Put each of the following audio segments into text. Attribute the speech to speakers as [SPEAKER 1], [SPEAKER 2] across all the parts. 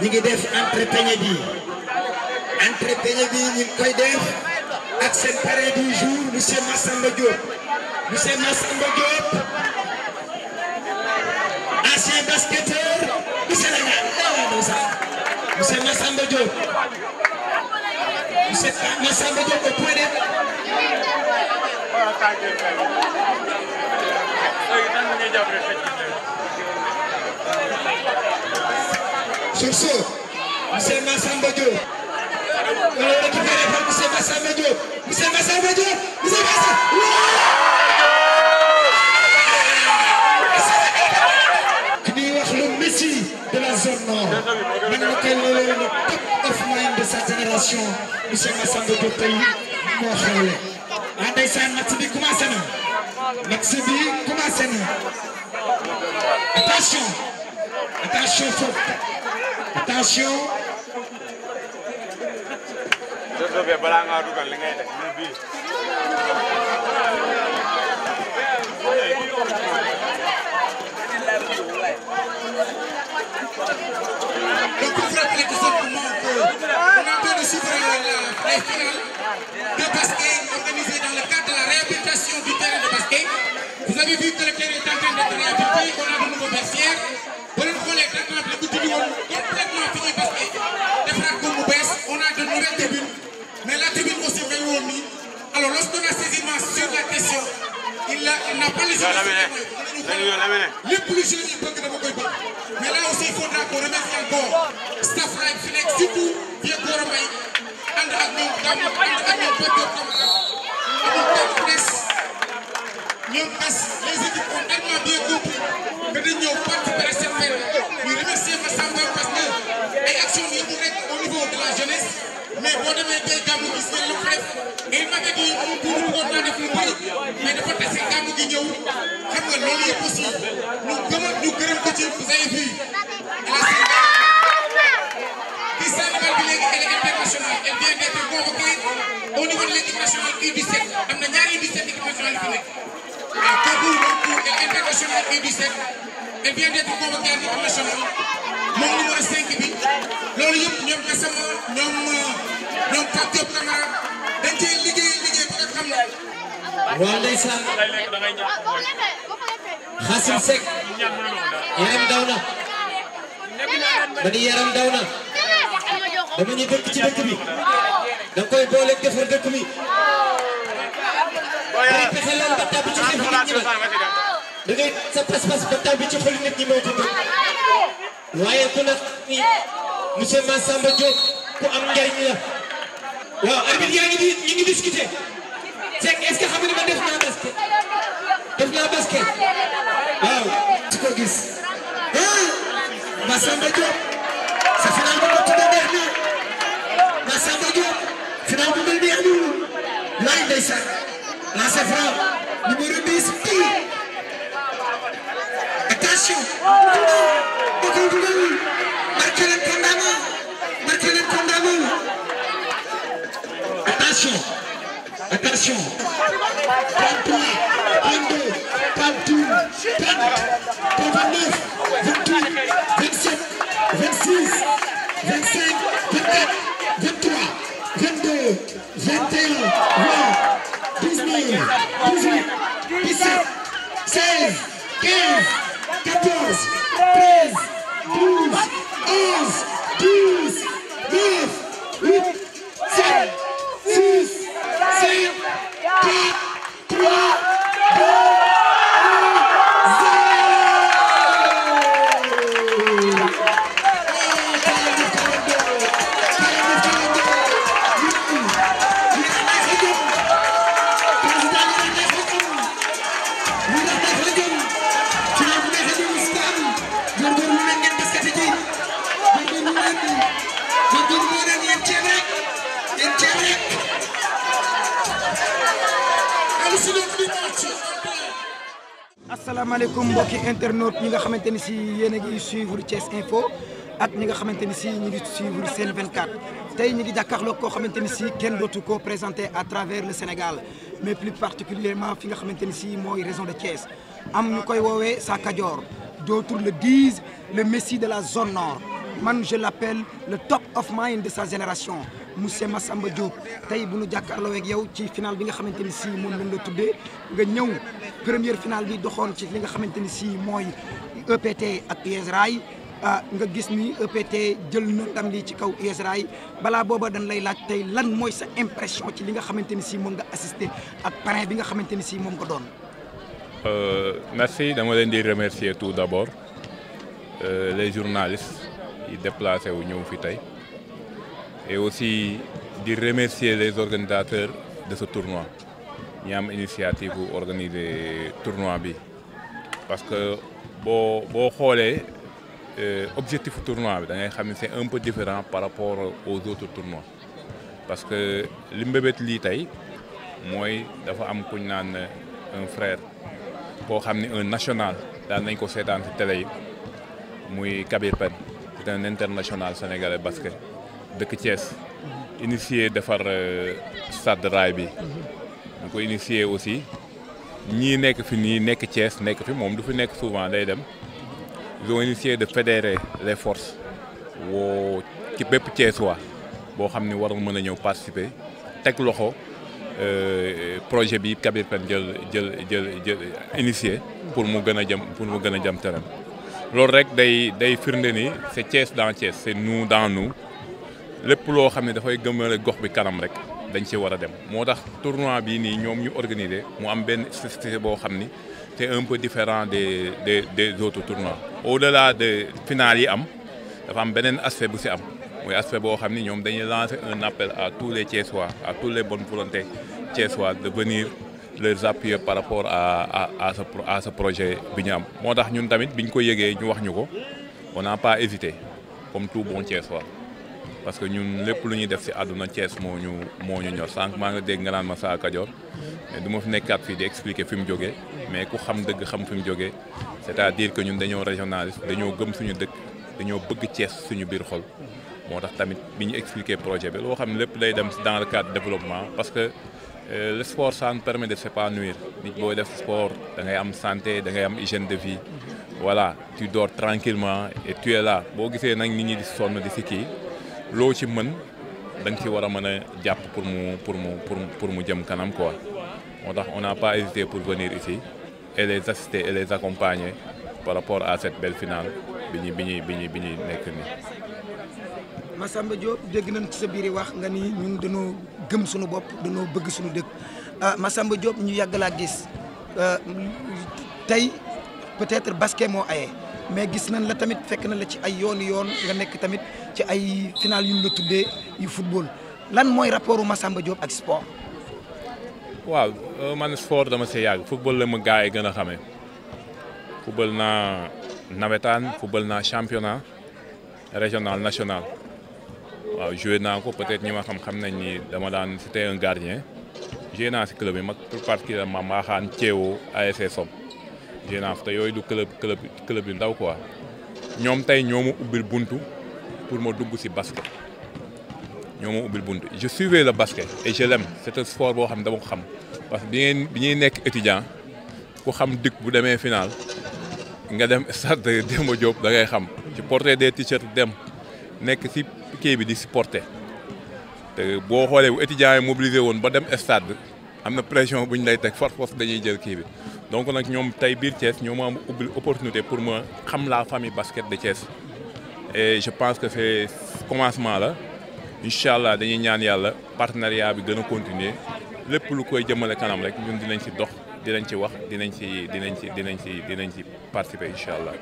[SPEAKER 1] ñi ngi def entretien bi entretien bi ñu ngi koy def ak seen parrain du jour monsieur Massamba Diop monsieur Massamba Diop ancien basketteur du Sénégal waaw sax monsieur Massamba Diop
[SPEAKER 2] monsieur
[SPEAKER 1] Sur ce, monsieur Massamba Diop. On le récupère par monsieur Massamba Diop. Monsieur Massamba Diop, monsieur Massamba. Ku ñuy wax le Messi de la zone nord. Mën na koy loolee le top of mind de sa génération. Monsieur Massamba Diop tey moo xewle. Ah ndeysaan match bi commencé na. Match bi commencé na. Attention. Attention foofu. attention.
[SPEAKER 2] Donc vous rappelez tout simplement que on entend de suivre la, les finales de basket organisées dans le cadre de la réhabilitation du terrain de basket. Vous avez vu que le terrain est en train d'être réhabilité. naa ban la si lépp lu jeunes yi bëgg dama koy bëgg mais là aussi il faut naa ko remercier encore staff rek fi nekk surtout vieux Gora Mbaye ànd ak ñoom Dame ànd ak ñoom Pape loolu yëpp aussi ñu gëm ñu gërëm ko ci vous avez vu. Miss Sénégal bi léegi elle est internationale elle vient d'être convoquée au niveau de l'équipe nationale U17 am na ñaari U17 équipe nationale yu fi nekk. waaw kooku moom elle est internationale U17 elle vient d'être convoquée à l'équipe nationale moom numéro 5 bi loolu yëpp ñoom Gassama ñoom ñoom Pape Diop Camara dañ cee liggéey liggéey ba nga xam ne. loolu ndeysaan xasim sek yaram daw na ma ni yaram daw na dama ñu dëkk ci dëkk bi da koy boole defar dëkk bi day pexe loolu ba tàbbi ci xol nit ñi da
[SPEAKER 1] ci xol nit ñi moo
[SPEAKER 2] waaye ku nag ni monsieur Massamba Diop ku am njariñ la waaw arbitre yaa ngi di ñu ngi discuter Seck est que xam ma def naa
[SPEAKER 1] basket def naa basket waaw. su ko gis ah Massamba Diop sa final bu ko tuddee neex na Massamba Diop final bu mel ni amul laay ndeysaan lancer franc numéro 10 attention. nation. Pampri, Inde, Pantou, 4, 39, 28, 27, 26, 25, 24, 23, 22, 21, 20, 19, 18, 17, 16, 15. asalaamaaleykum mbokki internet ñi nga xamante ni si yéen a ngi suivre Thiès Info ak ñi nga xamante ni si ñu ngi suivre Sen tey ñi ngi jàkkaarloo koo xamante ni si kenn dootu ko présenté à travers le Sénégal mais plus particulièrement fi nga xamante ni si mooy région de Thiès am ñu koy woowee sa Kajoor d'autres le disent le Messi de la zone nord man je l'appelle le top of mind de sa génération monsieur Massamba Diop tey bu nu jàkkaarloo ak yow ci final bi nga xamante ni si moom lañ la tuddee nga ñëw première finale bi doxoon ci li nga xamante ni sii mooy EPT ak US ah nga gis ni ëppt e jël na ndam li ci kaw US balaa booba dañ lay laaj tey lan mooy sa impression ci li nga xamante ni si moom nga assister ak parrain bi nga xamante ni sii moom nga doon.
[SPEAKER 2] Euh, merci dama leen di remercier tout d'abord euh, les journalistes yi déplacé wu ñëw fi tey. et aussi di remercier les organisateurs de ce tournoi ñi am initiative tournoi bi parce que boo boo xoolee euh, objectif tournoi bi da ngay xam ne c'est un peu différent par rapport aux autres tournois parce que li mbébét lii tey mooy dafa am kuñ naan un frère koo xam ni un national daal nañ ko seetaan ci télé yi muy Kabir Pen c'est un international sénégalais basket dëkk Thiès initié defar euh, stade raay bi ñu mhm. ko initié aussi ñii nekk fi nii nekk Thiès nekk fi moom du fi nekk souvent day dem ils ont initié de fédérer les forces woo ci bépp Thiès waa boo xam ni war mën a ñëw participer teg loxo euh, projet bi Kabir Pène jël jël jël jël initié pour mu gën a jëm pour mu gën a jëm terrain loolu rek day day firnde ni c'est Thiès dans Thiès c'est nous dans nous lépp loo xam ne dafay gëmale gox bi kanam rek dañ ci war a dem moo tax tournoi bii nii ñoom ñu organiser mu am benn société boo xam ni te un peu différent des des des autres tournois. au-delà de finale yi am dafa am beneen aspect bu si am mooy aspect boo xam ni ñoom dañuy lancer un appel à tous les Thiessois a tous les bonnes volontés Thiessois de venir les appuyer par rapport à à à ce projet bi ñu am. moo tax ñun tamit biñ ko yëgee ñu wax ñu ko on n'a pas comme tout bon Thiessois. parce que ñun lépp lu ñuy def si àdduna Thiès moo ñu moo ñu ñor sànq maa nga dégg nga naan ma saa Kajoor mais du ma fi nekkaat fii di expliquer fi mu jógee mais ku xam dëgg xam fi mu jógee c'est-à-dire que ñun dañoo régionaliste dañoo gëm suñu dëkk dañoo bëgg Thiès suñu biir xol moo tax tamit bi ñu expliquer projet bi loo xam ne lépp day dem dans le cadre développement parce que euh, le sport ça nous permet de s'épanouir nit booy def sport dangay am santé da ngay am hygiène de vie voilà tu dors tranquillement et tu boo gisee nag nit ñi di sonn di si kii loo ci mën da nga ci war a mën a jàpp pour mu pour mu pour mu jëm kanam quoi moo tax on n'a pas hésité pour venir ici et les assister et les accompagner par rapport à cette belle bi ñu bi ñuy bi ñuy bi ñuy nekk nii.
[SPEAKER 1] Massamba Diop dégg nañ ci sa biir i wax nga ni ñun dañoo gëm suñu bopp dañoo bëgg suñu dëkk ah Massamba Diop ñu yàgg laa gis ah, tey peut-être basket moo aye. mais gis nañ la tamit fekk na la ci ay yoon yoon nga nekk tamit ci ay final yu ñu la tuddee yu football lan mooy rapport Massamba Diop ak sport.
[SPEAKER 2] waaw euh, man sport dama see yàgg football la ma gaa gën a xamee football naa nawetaan football naa championnat régional national waaw joué naa ko peut-être ñi ma xam xam nañ ni dama daan c'était un gardien joué si club yi mag plus particulièrement Maaxaan Thiéwo ASC Sob Génaaf te yooyu du club club club yu ndaw quoi ñoom tey ñoo ma ubbil buntu pour ma dugg ci basket ñoo ma ubbil buntu je suivais le basket et je l'aime c'est un boo xam ne dama ko xam parce que bi ngeen bi ñuy nekk étudiant ku xam dikk bu demee final nga dem stade Demba Diop da ngay xam ci porter des t dem nekk si kii bi di supporter te boo xoolee bu étudiant yi mobilisé woon ba dem stade am na pression bu ñu lay teg force force dañuy jël kii bi. donc nag ñoom tey biir Thiès ñoo ma am ubbi opportunité pour ma xam la famille basket de Thiès et je pense que c'est commencement la incha allah dañuy ñaan yàlla partenariat bi gën a continuer lépp lu koy jëmale kanam rek ñun dinañ ci dox dinañ ci wax dinañ ci dinañ ci dinañ ci dinañ ci participer incha allah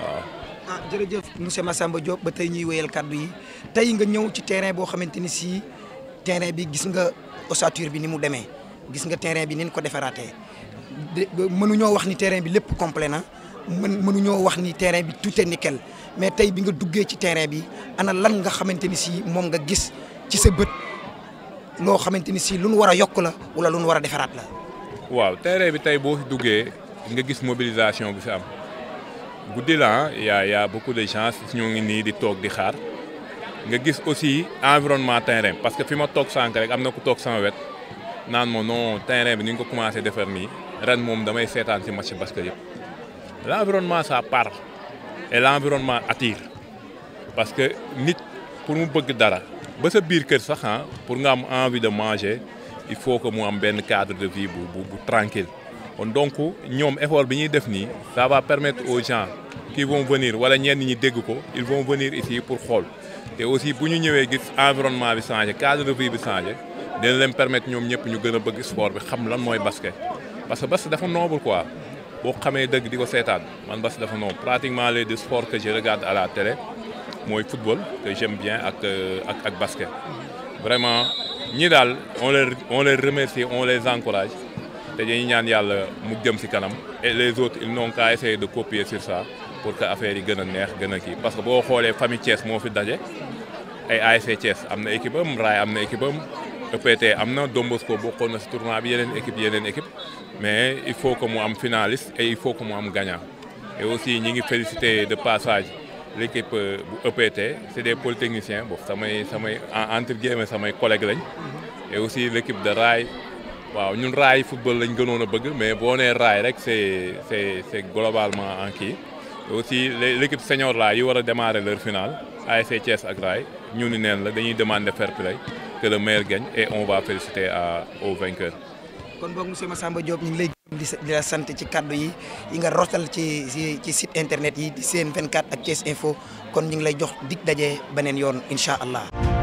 [SPEAKER 2] waaw.
[SPEAKER 1] ah jërëjëf monsieur Massamba Diop ba tey ñuy wéyal kàddu yi tey nga ñëw ci terrain boo xamante ni si terrain bi gis nga ossature bi ni mu demee gis nga terrain bi ni ñu ko defaraatee. mënuñoo wax ni terrain bi lépp complet na mën mënuñoo wax ni terrain bi tout est nickel mais tey bi nga duggee ci terrain bi ana lan nga xamante ni si moom nga gis ci sa bët loo xamante ni si lu nu war a yokk la wala lu nu war a defaraat la.
[SPEAKER 2] waaw terrain bi tey boo fi duggee nga gis mobilisation bi fi am guddi la y a y a beaucoup de gens ñoo ngi nii di toog di xaar nga gis aussi environnement terrain parce que fi ma toog sànq rek am na ku toog sama wet naan ma non bi ni nga ko commencé defar nii. ren moom damay seetaan ci match basket yëpp l' environnement ça parle et l' environnement attire parce que nit pour mu bëgg dara ba sa biir kër sax ah pour nga am envie de manger il faut que mu am benn cadre de vie bu bu bu tranquille kon donc ñoom effort bi ñuy def nii ça ba permettre au gens qui vont venir wala ñenn ñi dégg ko il vont venir ici pour xool te aussi bu ñu ñëwee gis environnement bi changé cadre de vie bi changé dina leen permettre ñoom ñëpp ñu gën a bëgg sport bi xam lan mooy basket. parce que Bass dafa noble quoi boo xamee dëgg di ko seetaan man Bass dafa noble pratiquement les deux sports que je regarde à la télé mooy football que j'aime bien ak euh, ak ak basket. vraiment ñi daal on les on les remercie on les encourage te dañuy ñaan yàlla mu jëm si kanam et les autres ils n'ont qu'à essayer de copier sur ça pour que affaire yi gën a neex gën a kii parce que boo xoolee famille Thiès moo fi daje ay ASC Thiès am na équipe am am na équipe EPT am na Don Bosco bokkoon na si tournoi bi yeneen équipe yeneen équipe mais il faut que mu am finaliste et il faut que mu am gagnant et aussi ñi ngi féliciter de passage léquipe bu euh, EPT c' est des polytechniciens boobu samay samay entre guillemets samay collègues lañ et aussi l' équipe de raay waaw ñun raay football lañ gënoon a bëgg mais boo nee raay rek c' est c' en kii et aussi l' équipe senior yi war a démarrer leur finale ASC Thiès ak raay ñu neen la dañuy demander fair play que le meilleur gagne et on va féliciter à au vainqueur.
[SPEAKER 1] kon boog monsieur Massamba Diop ñu ngi lay di la sant ci kaddu yi yi nga rotal ci ci site internet yi di CN24 ak Thiès Info kon ñu ngi lay jox dig daje beneen yoon incha allah.